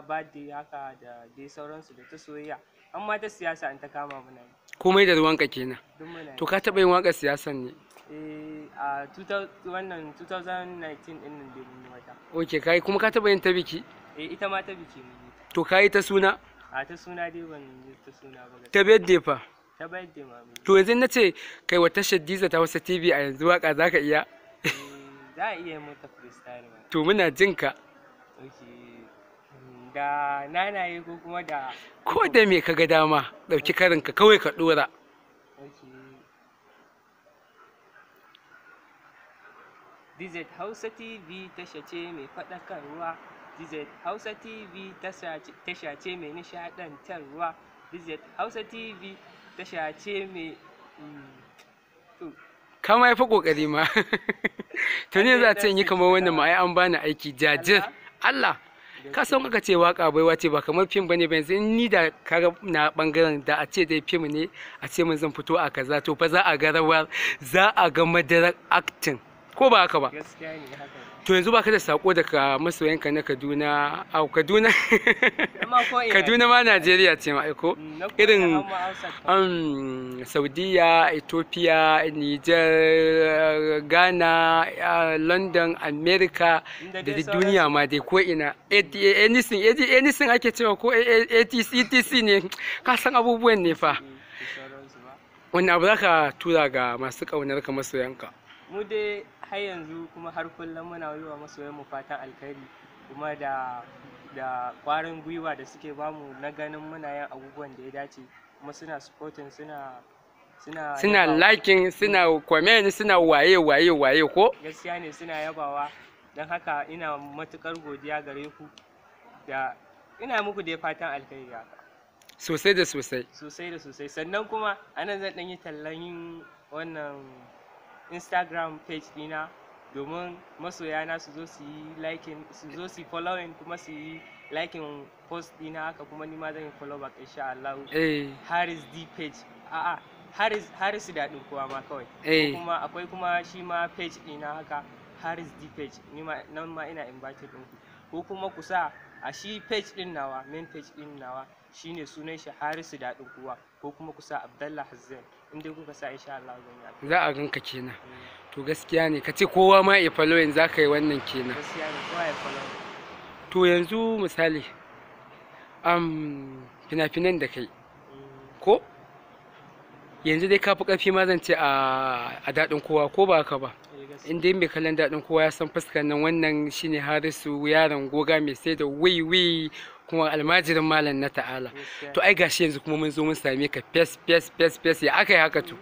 birthday haka da dai sauransu da ta soyayya amma ta siyasa in ta kama muna komai da ruwanka kenan to ka taɓa yin waka siyasan ne eh, a wannan 2019 din nan da mun wata okay kai kuma ka taɓa yin ta biki eh ita ma ta biki ne to kai ta suna a ta suna dai ban ta suna ba ta birthday fa ta birthday ma to yanzu na ce kai wata shaddiza ta wasa tv a yanzu waka zaka iya eh, za a iya mata freestyle to muna jinka okay da nanaye ko kuma da ko da me kaga dama ɗauki ka kawai ka ɗora DZ Hausa TV tasha ce mai faɗakarwa DZ Hausa TV tasha ce mai nishaɗantarwa DZ Hausa TV tasha ce mai mm, kama ya fi ƙoƙari ma to ne za a yi kamar wannan ma an bani aiki jajir Allah ka san kaka ce waka bai wace ba kamar fim bane ba yanzu ni da kaga na bangaren da a ce dai fim ne a ce mun zan fito a kaza to fa za a ga rawar za a ga madarar acting ko ba haka ba to yanzu baka da sako daga masoyanka na Kaduna au Kaduna Kaduna ma Najeriya ce ma aiko mm, irin um, Saudiya Ethiopia Niger Ghana uh, London America da duniya ma dai ko ina anything anything ake cewa ko ATC e ne ka san abubuwan ne fa mm, wannan abu zaka tura ga masu kaunar ka masoyanka mu dai har yanzu kuma har kullum muna yi wa masoyan mu fatan alkhairi kuma da da ƙwarin gwiwa da suke bamu na ganin muna yin abubuwan da ya dace kuma suna supporting suna suna suna liking suna comment suna waye waye waye ko gaskiya ne suna yabawa don haka ina matukar godiya gare ku da ina muku da fatan alkhairi haka sosai da sosai sosai da sosai sannan kuma anan zan ɗan yi tallan wannan instagram page dina domin na su zo su yi likin su zo su followin kuma su yi likin post dina haka kuma ni ma zan yi follow back insha Allah eh Haris D page a'a Haris Haris din kowa ma kawai eh. kuma akwai kuma shi ma page dina haka Haris D page nima nan ma ina invited ku ko kuma ku sa a shi page din nawa main page din nawa shine sunan shi Harisu daɗin Kowa ko kuma kusa Abdallah Hazzan inda kuka sa insha Allah zan yi za a ganka kenan to gaskiya ne kace kowa ma ya following zaka yi wannan kenan gaskiya ne kowa ya follow to yanzu misali am fina-finan da kai ko yanzu dai kafi karfi ma zan ce a daɗin kowa ko ba ka ba eh, in dai mai kallon daɗin kowa ya san fuskar nan wannan shine harisu yaron goga mai sai da wai kuma almajirin malam na ta'ala to ai gashi yanzu kuma mun zo mun same ka fes fes fes fes ya aka yi haka to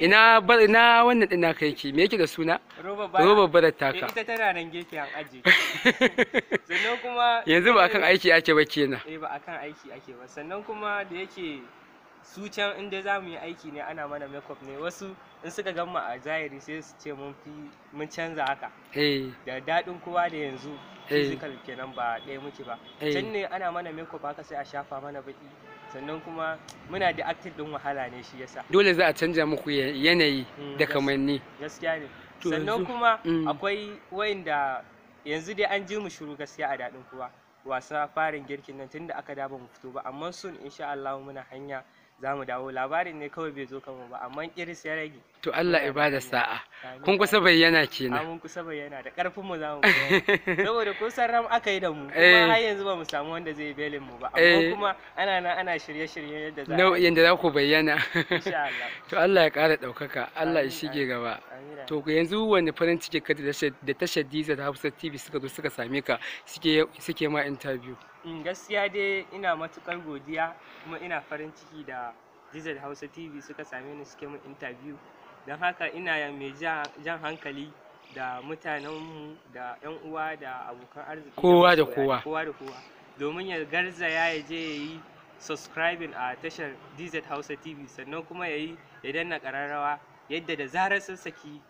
ina bar ina wannan din kai yake me yake da suna roba ta ka eh, ita tana nan gefe an aje sannan kuma yanzu ba akan aiki ake ba kenan eh ba akan aiki ake ba sannan kuma da yake su can in dai za mu yi aiki ne ana mana makeup ne wasu in suka gan mu a zahiri sai su ce mun fi mun canza haka eh. da daɗin kowa da yanzu eh. physical kenan ba ɗaya muke ba eh. can ne ana mana makeup haka sai a shafa mana baki sannan kuma muna da active din wahala ne shi yasa dole za a canja muku yanayi mm, da kamanni gaskiya ne sannan kuma mm. akwai da yanzu dai an ji mu shiru gaskiya a daɗin kowa wasa farin girkin nan tunda aka da ba mu fito ba amma sun insha Allah muna hanya za mu dawo labarin ne kawai bai zo kama ba amma kiris ya rage to Allah ibada sa'a kun kusa bayyana kenan mun kusa bayyana da karfin mu za mu saboda kun san ram aka yi da mu kuma eh. har yanzu ba mu samu wanda zai belin mu ba amma eh. kuma ana nan ana shirye-shirye yadda za a yanda za ku bayyana to Allah ya ƙara ɗaukaka Allah ya shige gaba to yanzu wani farin ciki ka da tashar Diza da Hafsat TV suka zo suka same ka suke suke ma interview Mm, gaskiya dai ina matuƙar godiya kuma ina farin ciki da Dizel Hausa TV suka same ni suke min interview don haka ina mai jan hankali da mutanenmu da 'yan uwa da abokan arziki kowa da kowa kowa da kowa domin ya garzaya ya je ya yi subscribing a tashar DZ Hausa TV sannan kuma ya yi ya danna ƙararrawa yadda da zarar sun saki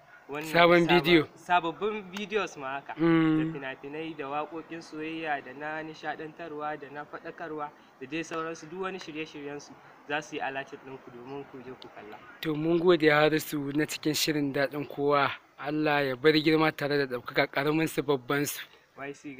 sabon bidiyo sababbin su ma haka mm. da fina-finai da waƙoƙin soyayya da na nishadantarwa da na faɗakarwa da dai sauransu duk wani shirye-shiryensu za su yi alatin ɗinku domin ku je ku kalla to mun gode su na cikin shirin daɗin kowa allah ya bar girma tare da ɗaukaka ƙaramin su babban su wai si